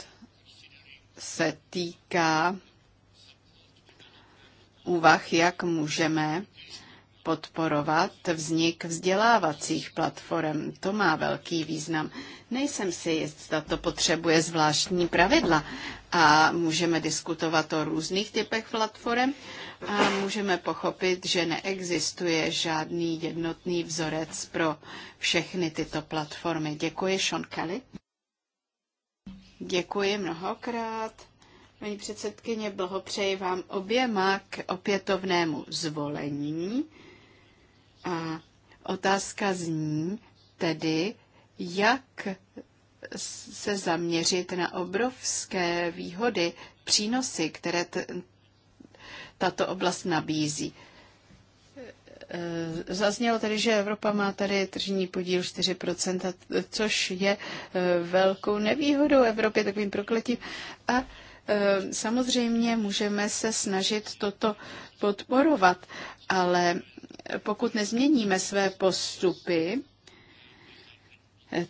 se týká úvah, jak můžeme podporovat vznik vzdělávacích platform. To má velký význam. Nejsem si jist, zda to potřebuje zvláštní pravidla. A můžeme diskutovat o různých typech platform a můžeme pochopit, že neexistuje žádný jednotný vzorec pro všechny tyto platformy. Děkuji, Sean Kelly. Děkuji mnohokrát. Paní předsedkyně, blahopřeji vám oběma k opětovnému zvolení. A otázka zní tedy, jak se zaměřit na obrovské výhody, přínosy, které tato oblast nabízí. Eh, zaznělo tedy, že Evropa má tady tržní podíl 4%, což je eh, velkou nevýhodou Evropy, takovým prokletím. A eh, samozřejmě můžeme se snažit toto podporovat, ale pokud nezměníme své postupy,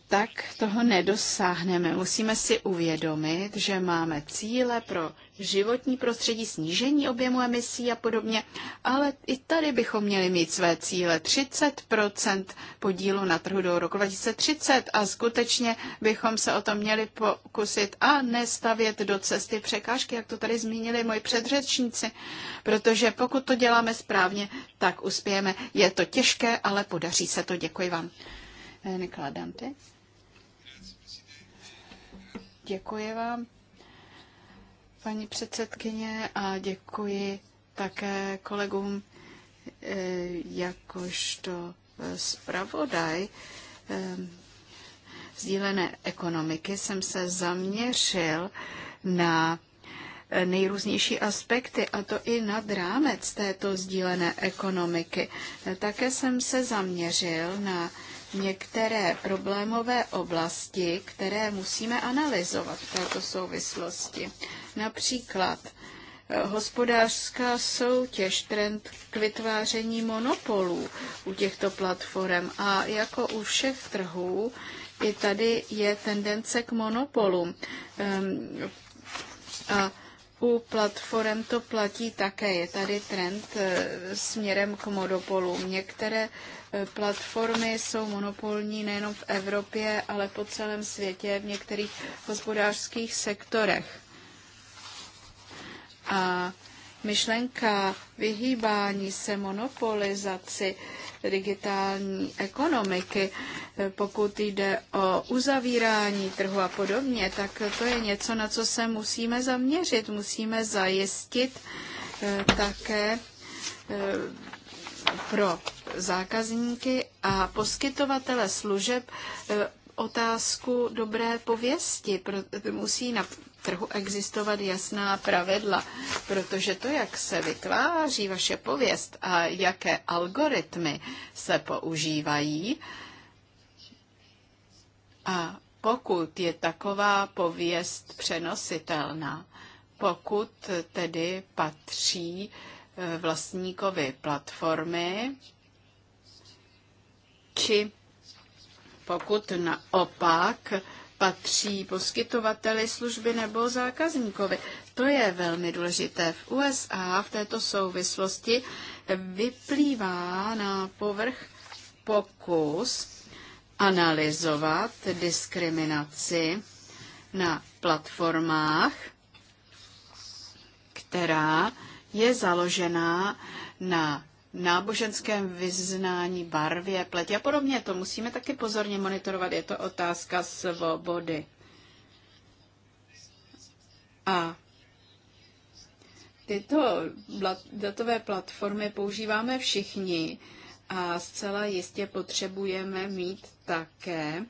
tak toho nedosáhneme. Musíme si uvědomit, že máme cíle pro životní prostředí, snížení objemu emisí a podobně, ale i tady bychom měli mít své cíle 30 podílu na trhu do roku 2030 a skutečně bychom se o to měli pokusit a nestavět do cesty překážky, jak to tady zmínili moji předřečníci, protože pokud to děláme správně, tak uspějeme. Je to těžké, ale podaří se to. Děkuji vám. Eh, Nikola Dante. Děkuji vám, paní předsedkyně, a děkuji také kolegům eh, jakožto eh, zpravodaj sdílené ekonomiky jsem se zaměřil na nejrůznější aspekty, a to i nad rámec této sdílené ekonomiky. Také jsem se zaměřil na některé problémové oblasti, které musíme analyzovat v této souvislosti. Například eh, hospodářská soutěž, trend k vytváření monopolů u těchto platform a jako u všech trhů, i tady je tendence k monopolům. Ehm, a u platform to platí také. Je tady trend eh, směrem k monopolům. Některé Platformy jsou monopolní nejenom v Evropě, ale po celém světě v některých hospodářských sektorech. A myšlenka vyhýbání se monopolizaci digitální ekonomiky, pokud jde o uzavírání trhu a podobně, tak to je něco, na co se musíme zaměřit. Musíme zajistit eh, také eh, pro zákazníky a poskytovatele služeb eh, otázku dobré pověsti. Musí na trhu existovat jasná pravidla, protože to, jak se vytváří vaše pověst a jaké algoritmy se používají, a pokud je taková pověst přenositelná, pokud tedy patří eh, vlastníkovi platformy, či pokud naopak patří poskytovateli služby nebo zákazníkovi. To je velmi důležité. V USA v této souvislosti vyplývá na povrch pokus analyzovat diskriminaci na platformách, která je založená na náboženském vyznání, barvě, pleti a podobně. To musíme taky pozorně monitorovat. Je to otázka svobody. A tyto datové platformy používáme všichni a zcela jistě potřebujeme mít také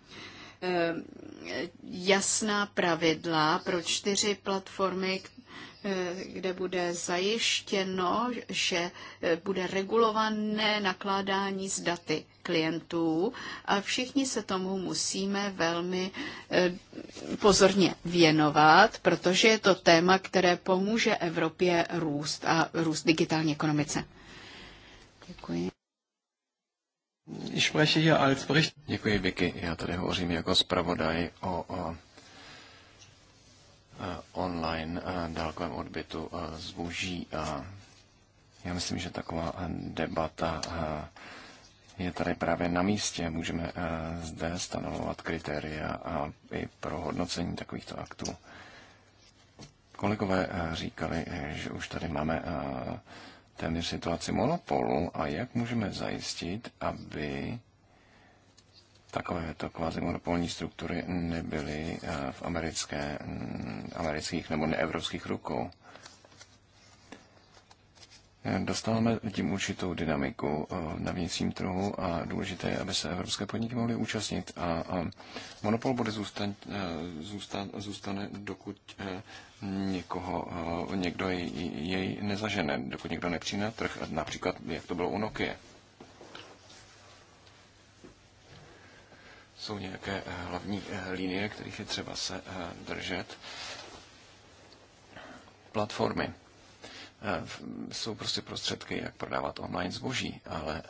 eh, jasná pravidla pro čtyři platformy, Eh, kde bude zajištěno, že eh, bude regulované nakládání s daty klientů a všichni se tomu musíme velmi eh, pozorně věnovat, protože je to téma, které pomůže Evropě růst a růst digitální ekonomice. Děkuji.
Ich spreche hier als Bericht. Děkuji, Vicky. Já tady hovořím jako zpravodaj o, o Eh, online eh, dálkovém odbytu eh, zboží. A já myslím, že taková debata je tady právě na místě. Můžeme zde stanovovat kritéria a i pro hodnocení takovýchto aktů. Kolegové říkali, že už tady máme téměř situaci monopolu a jak můžeme zajistit, aby takovéto kvazimonopolní struktury nebyly eh, v americké, mm, amerických nebo neevropských rukou. Eh, dostáváme tím určitou dynamiku eh, na vnitřním trhu a důležité je, aby se evropské podniky mohly účastnit. A, a monopol bude zůstat, zůstat, zůstane, dokud někoho, někdo jej, jej nezažene, dokud někdo nepřijde na trh, například jak to bylo u Nokia. jsou nějaké eh, hlavní eh, linie, kterých je třeba se eh, držet. Platformy jsou prostě prostředky, jak prodávat online zboží, ale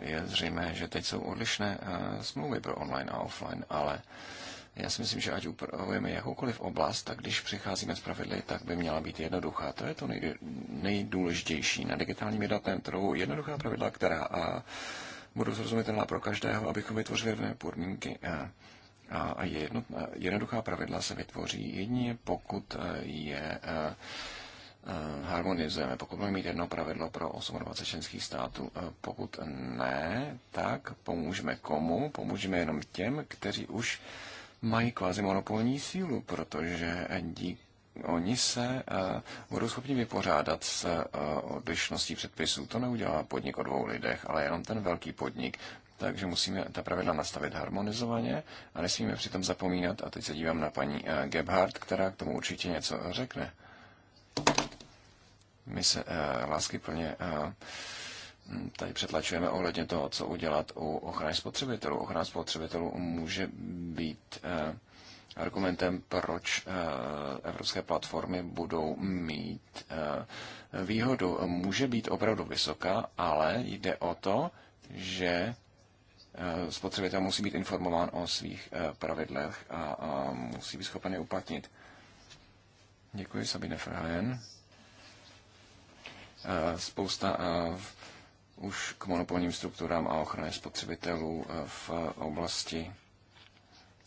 je zřejmé, že teď jsou odlišné smlouvy pro online a offline, ale já si myslím, že ať upravujeme jakoukoliv oblast, tak když přicházíme z pravidly, tak by měla být jednoduchá. To je to nejdůležitější na digitálním jednotném trhu. Jednoduchá pravidla, která budou zrozumitelná pro každého, abychom vytvořili podmínky eh, a jednotná, eh, jednoduchá pravidla se vytvoří jedině, pokud eh, je harmonizujeme. Pokud budeme mít jedno pravidlo pro 28 členských států, pokud ne, tak pomůžeme komu? Pomůžeme jenom těm, kteří už mají kvázi monopolní sílu, protože dík oni se eh, budou schopni vypořádat s eh, odlišností předpisů. To neudělá podnik o dvou lidech, ale jenom ten velký podnik. Takže musíme ta pravidla nastavit harmonizovaně a nesmíme přitom zapomínat, a teď se dívám na paní eh, Gebhardt, která k tomu určitě něco řekne. My se lásky plně hm, tady přetlačujeme ohledně toho, co udělat u ochrany spotřebitelů. Ochrana spotřebitelů může být eh, argumentem, proč eh, evropské platformy budou mít eh, výhodu. Může být opravdu vysoká, ale jde o to, že eh, spotřebitel musí být informován o svých pravidlech a musí být schopen je uplatnit. Děkuji, Sabine Frhajen. Spousta už k monopolním strukturám a ochraně spotřebitelů v oblasti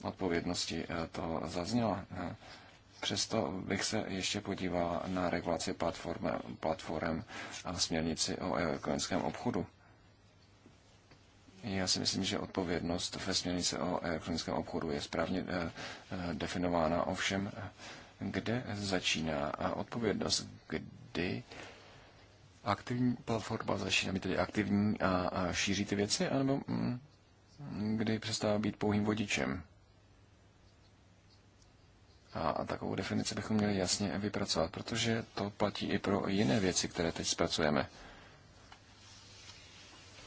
odpovědnosti eh, to zaznělo. Eh, přesto bych se ještě podíval na regulaci platform, platform a směrnici o elektronickém obchodu. Já si myslím, že odpovědnost ve směrnici o elektronickém obchodu je správně eh, definována, ovšem kde začíná odpovědnost, kdy aktivní platforma začíná být tedy aktivní a šíří ty věci, anebo mm, kdy přestává být pouhým vodičem. A takovou definici bychom měli jasně vypracovat, protože to platí i pro jiné věci, které teď zpracujeme.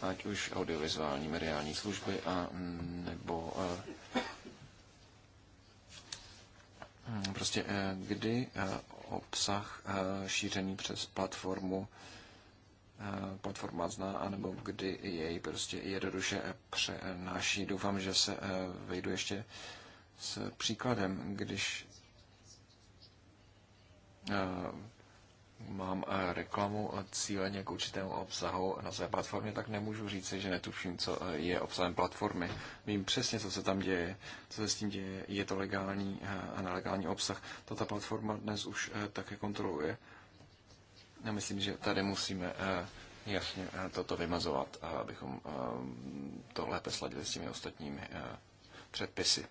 Ať už audiovizuální mediální služby a mm, nebo eh, mm, prostě eh, kdy eh, obsah šířený přes platformu platforma zná, anebo kdy jej prostě jednoduše přenáší. Doufám, že se vejdu ještě s příkladem, když Eh, mám eh, reklamu eh, cíleně k určitému obsahu na své platformě, tak nemůžu říct, že netuším, co je obsahem platformy. Vím přesně, co se tam děje, co se s tím děje, je to legální a nelegální obsah. To ta platforma dnes už také kontroluje. Já myslím, že tady musíme jasně toto vymazovat, abychom to lépe sladili s těmi ostatními předpisy.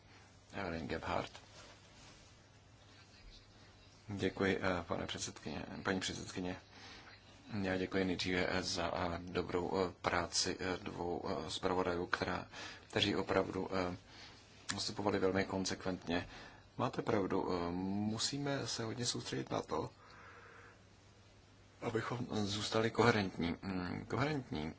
Evelyn Gebhardt. Děkuji, eh, pane předsedkyně, paní předsedkyně. Já děkuji nejdříve eh, za eh, dobrou práci dvou zpravodajů, která, kteří opravdu postupovali velmi konsekventně. Máte pravdu, musíme se hodně soustředit na to, abychom zůstali koherentní. Mm, koherentní.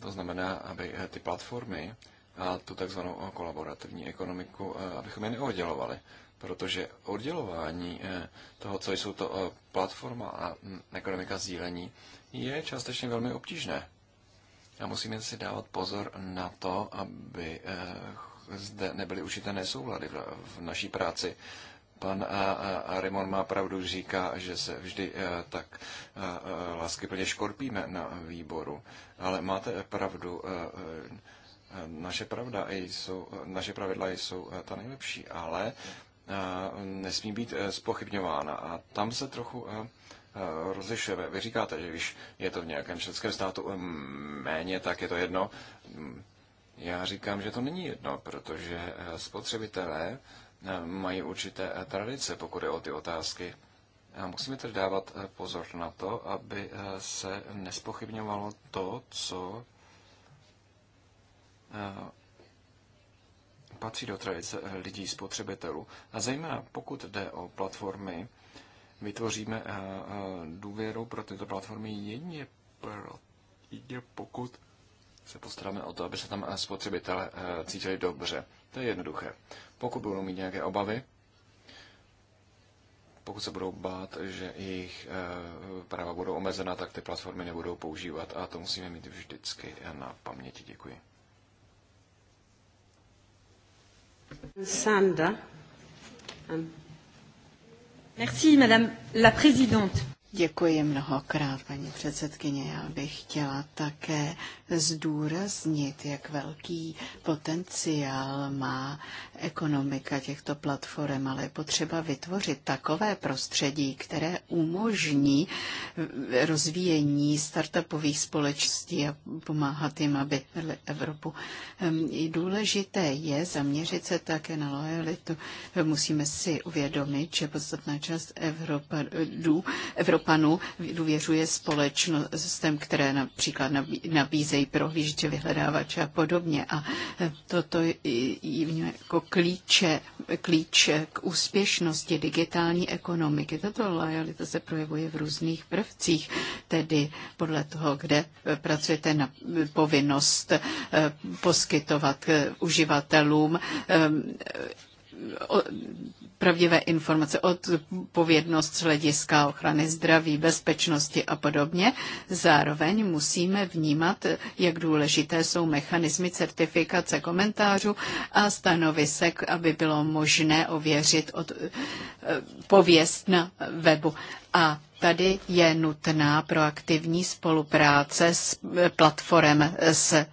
To znamená, aby ty platformy a tu takzvanou kolaborativní ekonomiku, abychom je neoddělovali protože oddělování eh, toho, co jsou to eh, platforma a mm, ekonomika sdílení, je částečně velmi obtížné. A musíme si dávat pozor na to, aby eh, zde nebyly užité nesoulady v naší práci. Pan Arimon má pravdu, říká, že se vždy tak láskyplně škorpíme na výboru. Ale máte pravdu, naše, pravda jsou, naše pravidla jsou ta nejlepší, ale Eh, nesmí být eh, spochybňována. A tam se trochu eh, rozlišuje. Vy říkáte, že když je to v nějakém členském státu méně, tak je to jedno. Mm, já říkám, že to není jedno, protože spotřebitelé mají určité tradice, pokud je o ty otázky. A musíme tedy dávat pozor na to, aby se nespochybňovalo to, co patří do tradice eh, lidí spotřebitelů. A zejména pokud jde o platformy, vytvoříme eh, eh, důvěru pro tyto platformy jedině, pro, jedině pokud se postaráme o to, aby se tam spotřebitelé cítili dobře. To je jednoduché. Pokud budou mít nějaké obavy, pokud se budou bát, že jejich práva budou omezena, tak ty platformy nebudou používat a to musíme mít vždycky na paměti. Děkuji.
Sanda.
Merci, madame la présidente. Děkuji mnohokrát, paní předsedkyně. Já bych chtěla také zdůraznit, jak velký potenciál má ekonomika těchto platform, ale je potřeba vytvořit takové prostředí, které umožní rozvíjení startupových společností a pomáhat jim, aby Evropu. Ehm, důležité je zaměřit se také na lojalitu. Musíme si uvědomit, že podstatná část Evropa, Evropa Evropanů důvěřuje společnostem, které například nabízejí prohlížeče, vyhledávače a podobně. A toto je jako klíče, klíč k úspěšnosti digitální ekonomiky. Tato lojalita se projevuje v různých prvcích, tedy podle toho, kde pracujete na povinnost eh, poskytovat eh, uživatelům eh, pravdivé informace, odpovědnost z hlediska ochrany zdraví, bezpečnosti a podobně. Zároveň musíme vnímat, jak důležité jsou mechanismy certifikace komentářů a stanovisek, aby bylo možné ověřit od, eh, pověst na webu. A tady je nutná proaktivní spolupráce s platformem s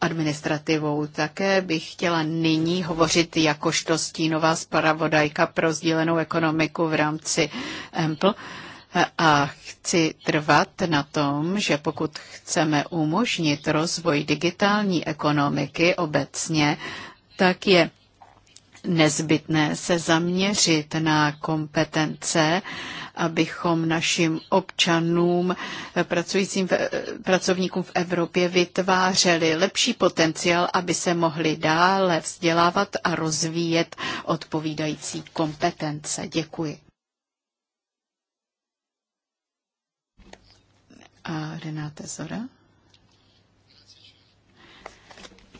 administrativou. Také bych chtěla nyní hovořit jakožto stínová zpravodajka pro sdílenou ekonomiku v rámci EMPL. A chci trvat na tom, že pokud chceme umožnit rozvoj digitální ekonomiky obecně, tak je nezbytné se zaměřit na kompetence abychom našim občanům, eh, pracujícím v, eh, pracovníkům v Evropě vytvářeli lepší potenciál, aby se mohli dále vzdělávat a rozvíjet odpovídající kompetence. Děkuji. A Renáte Zora.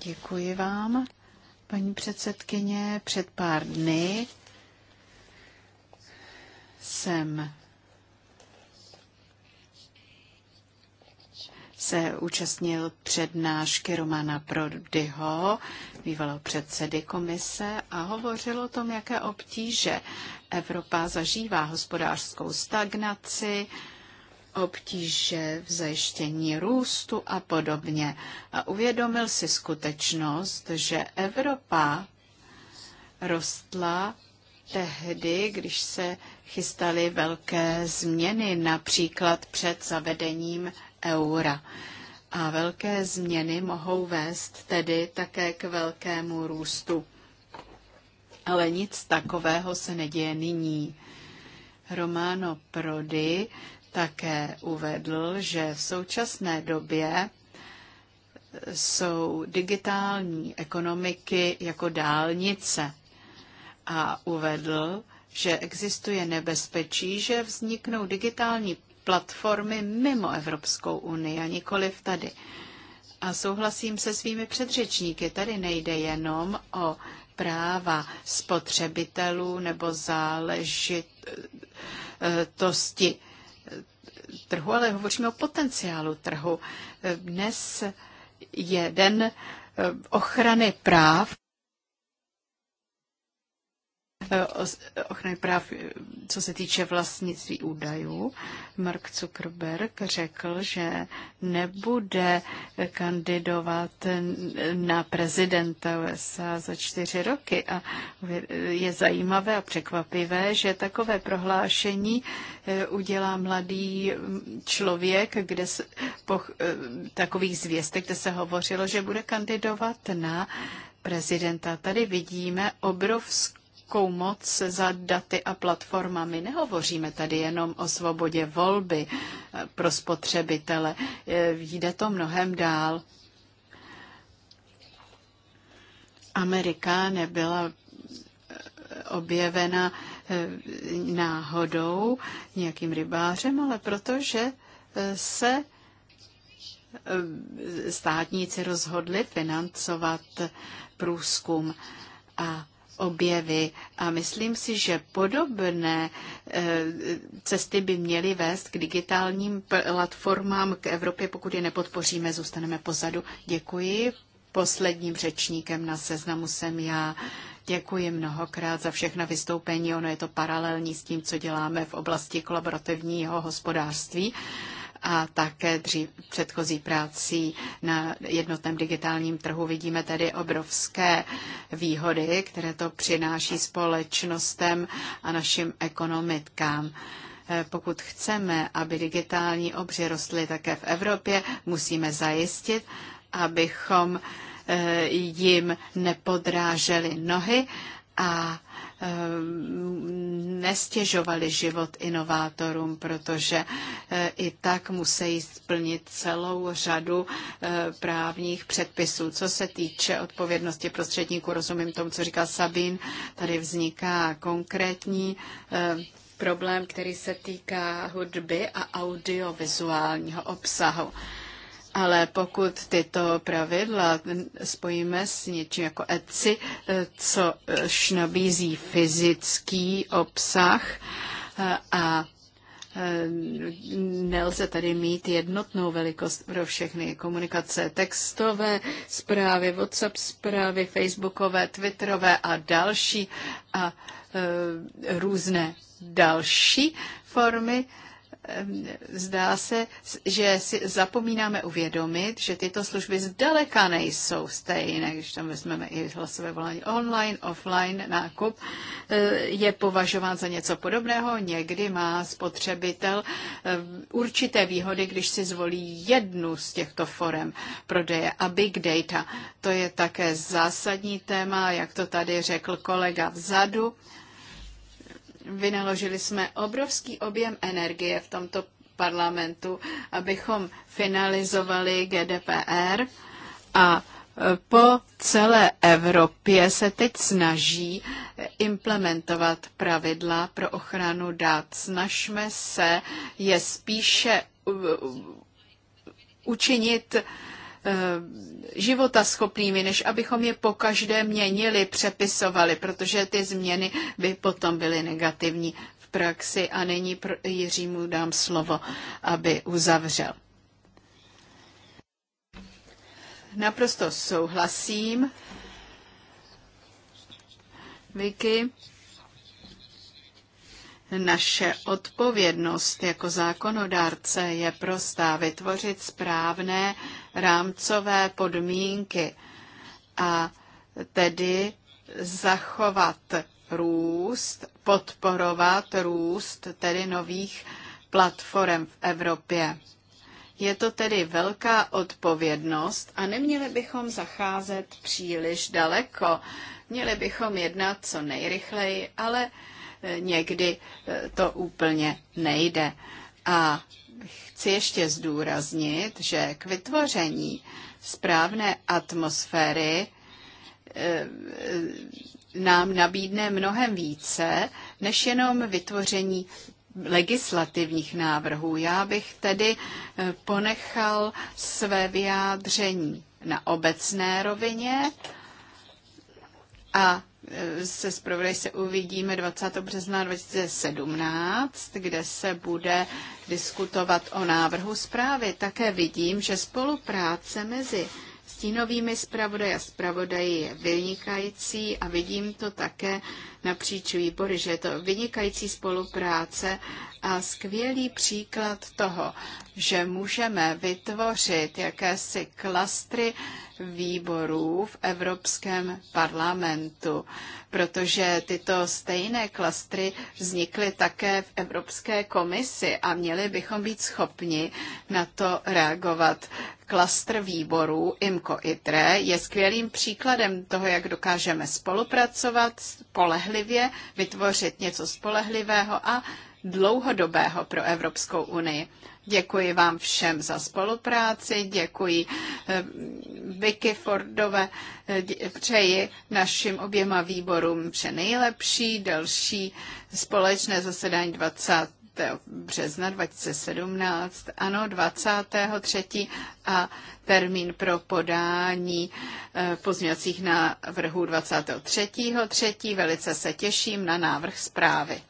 Děkuji vám. Paní předsedkyně, před pár dny jsem se účastnil přednášky Romana Prodyho, bývalého předsedy komise, a hovořil o tom, jaké obtíže Evropa zažívá hospodářskou stagnaci, obtíže v zajištění růstu a podobně. A uvědomil si skutečnost, že Evropa rostla tehdy, když se chystaly velké změny, například před zavedením eura. A velké změny mohou vést tedy také k velkému růstu. Ale nic takového se neděje nyní. Romano Prodi také uvedl, že v současné době jsou digitální ekonomiky jako dálnice a uvedl, že existuje nebezpečí, že vzniknou digitální platformy mimo Evropskou unii a nikoliv tady. A souhlasím se svými předřečníky. Tady nejde jenom o práva spotřebitelů nebo záležitosti trhu, ale hovoříme o potenciálu trhu. Dnes je den ochrany práv. Eh, ochrany práv, co se týče vlastnictví údajů, Mark Zuckerberg řekl, že nebude kandidovat na prezidenta USA za čtyři roky. A je zajímavé a překvapivé, že takové prohlášení eh, udělá mladý člověk, kde se, po eh, takových zvěstek, kde se hovořilo, že bude kandidovat na prezidenta. Tady vidíme obrovskou velkou moc za daty a platformami. Nehovoříme tady jenom o svobodě volby eh, pro spotřebitele. Eh, jde to mnohem dál. Amerika nebyla eh, objevena náhodou nějakým rybářem, ale protože se státníci rozhodli financovat průzkum. A objevy. A myslím si, že podobné eh, cesty by měly vést k digitálním platformám k Evropě. Pokud je nepodpoříme, zůstaneme pozadu. Děkuji. Posledním řečníkem na seznamu jsem já. Děkuji mnohokrát za všechna vystoupení. Ono je to paralelní s tím, co děláme v oblasti kolaborativního hospodářství a také dřív předchozí práci na jednotném digitálním trhu vidíme tedy obrovské výhody, které to přináší společnostem a našim ekonomikám e, pokud chceme, aby digitální obři rostly také v Evropě, musíme zajistit, abychom e, jim nepodráželi nohy a Ehm, nestěžovali život inovátorům, protože eh, i tak musí splnit celou řadu eh, právních předpisů. Co se týče odpovědnosti prostředníků, rozumím tomu, co říkal Sabín, tady vzniká konkrétní ehm, problém, který se týká hudby a audiovizuálního obsahu. Ale pokud tyto pravidla spojíme s něčím jako etci, eh, co eh, nabízí fyzický obsah eh, a nelze tady mít jednotnou velikost pro všechny komunikace. Textové zprávy, WhatsApp zprávy, Facebookové, Twitterové a další a různé další formy zdá se, že si zapomínáme uvědomit, že tyto služby zdaleka nejsou stejné, když tam vezmeme i hlasové volání online, offline, nákup, eh, je považován za něco podobného. Někdy má spotřebitel určité výhody, když si zvolí jednu z těchto forem prodeje a big data. To je také zásadní téma, jak to tady řekl kolega vzadu. Vynaložili jsme obrovský objem energie v tomto parlamentu, abychom finalizovali GDPR a e, po celé Evropě se teď snaží e, implementovat pravidla pro ochranu dat. Snažme se je spíše učinit uh, Eh, života schopnými, než abychom je po každé měnili, přepisovali, protože ty změny by potom byly negativní v praxi a nyní pro Jiřímu dám slovo, aby uzavřel. Naprosto souhlasím. Vicky, naše odpovědnost jako zákonodárce je prostá vytvořit správné uh, rámcové podmínky a tedy zachovat růst, podporovat růst tedy nových platform v Evropě. Je to tedy velká odpovědnost a neměli bychom zacházet příliš daleko. Měli bychom jednat co nejrychleji, ale někdy to úplně nejde. A chci ještě zdůraznit, že k vytvoření správné atmosféry e, e, nám nabídne mnohem více, než jenom vytvoření legislativních návrhů. Já bych tedy e, ponechal své vyjádření na obecné rovině a se zpravodaj se uvidíme 20. března 2017, kde se bude diskutovat o návrhu zprávy. Také vidím, že spolupráce mezi stínovými zpravodaji a zpravodaji je vynikající a vidím to také napříč výbory, že je to vynikající spolupráce a skvělý příklad toho, že můžeme vytvořit jakési klastry výborů v Evropském parlamentu, protože tyto stejné klastry vznikly také v Evropské komisi a měli bychom být schopni na to reagovat klastr výborů IMCO ITRE je skvělým příkladem toho, jak dokážeme spolupracovat spolehlivě, vytvořit něco spolehlivého a dlouhodobého pro Evropskou unii. Děkuji vám všem za spolupráci, děkuji eh, Vicky Fordové, eh, přeji našim oběma výborům vše nejlepší, další společné zasedání 20 března 2017, ano, 23. a termín pro podání eh, pozměňovacích návrhů 23. 3. Velice se těším na návrh zprávy.